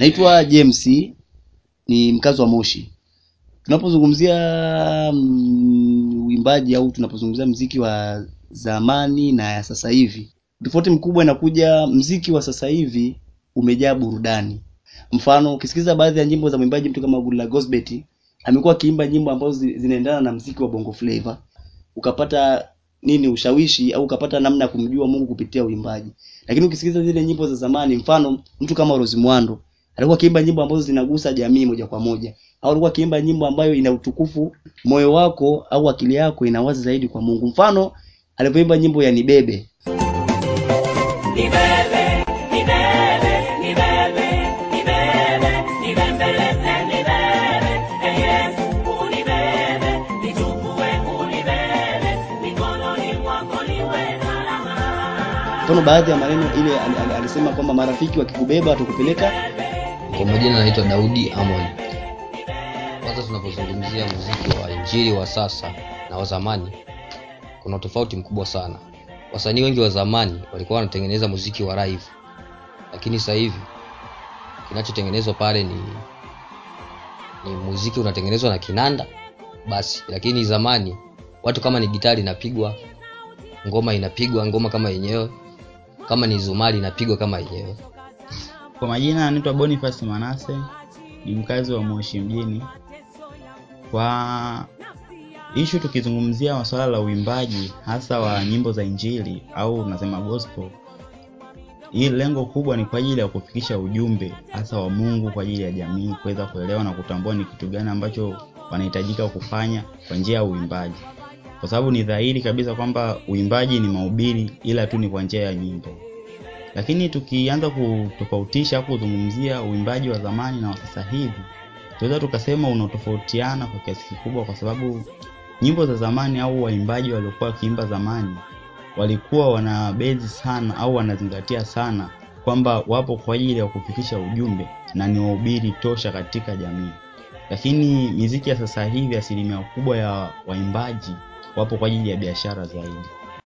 Naitwa James ni mkazi wa Moshi. Tunapozungumzia mm, uimbaji au tunapozungumzia mziki wa zamani na ya sasa hivi, tofauti mkubwa inakuja mziki wa sasa hivi umejaa burudani. Mfano, ukisikiza baadhi ya nyimbo za mwimbaji mtu kama Gula Gosbet amekuwa akiimba nyimbo ambazo zinaendana na mziki wa Bongo Flava, ukapata nini ushawishi au ukapata namna ya kumjua Mungu kupitia uimbaji. Lakini ukisikiza zile nyimbo za zamani, mfano mtu kama Rose Muhando alikuwa akiimba nyimbo ambazo zinagusa jamii moja kwa moja, au alikuwa akiimba nyimbo ambayo ina utukufu, moyo wako au akili yako inawazi zaidi kwa Mungu. Mfano alipoimba nyimbo ya Nibebe, Mfano baadhi ya maneno ile alisema kwamba marafiki wakikubeba watakupeleka kwa majina naitwa Daudi Amon. Kwanza tunapozungumzia muziki wa injili wa sasa na wa zamani, kuna tofauti mkubwa sana. Wasanii wengi wa zamani walikuwa wanatengeneza muziki wa live, lakini sasa hivi kinachotengenezwa pale ni ni muziki unatengenezwa na kinanda basi. Lakini zamani watu kama ni gitari inapigwa, ngoma inapigwa ngoma kama yenyewe, kama ni zumari inapigwa kama yenyewe. Kwa majina anaitwa Boniface Manase, ni mkazi wa Moshi mjini. Kwa ishu tukizungumzia masuala la uimbaji hasa wa nyimbo za injili au unasema gospel, hii lengo kubwa ni kwa ajili ya kufikisha ujumbe hasa wa Mungu kwa ajili ya jamii kuweza kuelewa na kutambua ni kitu gani ambacho wanahitajika kufanya kwa njia ya uimbaji, kwa sababu ni dhahiri kabisa kwamba uimbaji ni mahubiri, ila tu ni kwa njia ya nyimbo. Lakini tukianza kutofautisha au kuzungumzia uimbaji wa zamani na wa sasa hivi, tunaweza tukasema unatofautiana kwa kiasi kikubwa, kwa sababu nyimbo za zamani au waimbaji waliokuwa wakiimba zamani walikuwa wanabezi sana au wanazingatia sana kwamba wapo kwa ajili ya kufikisha ujumbe na ni wahubiri tosha katika jamii. Lakini miziki ya sasa hivi, asilimia kubwa ya waimbaji wapo kwa ajili ya biashara zaidi.